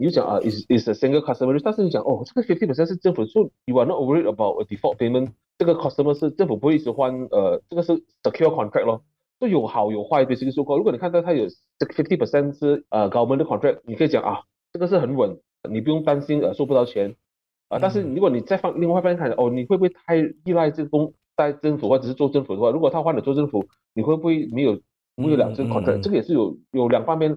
你講啊，is is a single customer。但是你講，哦，這個 fifty percent 是政府，所以 you are not worried about a default payment。這個 customer 是政府，不會一直換，呃，這個是 secure contract 咯。所以有好有壞。對呢個報告。如果你看到佢有 fifty percent 是呃 government 的 contract，你可以講啊，這個是很穩，你不用擔心呃，收不到錢。啊、呃，但是如果你再放另外一方面睇，哦，你會不會太依賴呢個公，即政府，或者是做政府的話，如果他換咗做政府，你會不會沒有沒有兩隻 contract？呢、嗯嗯嗯、個也是有有兩方面。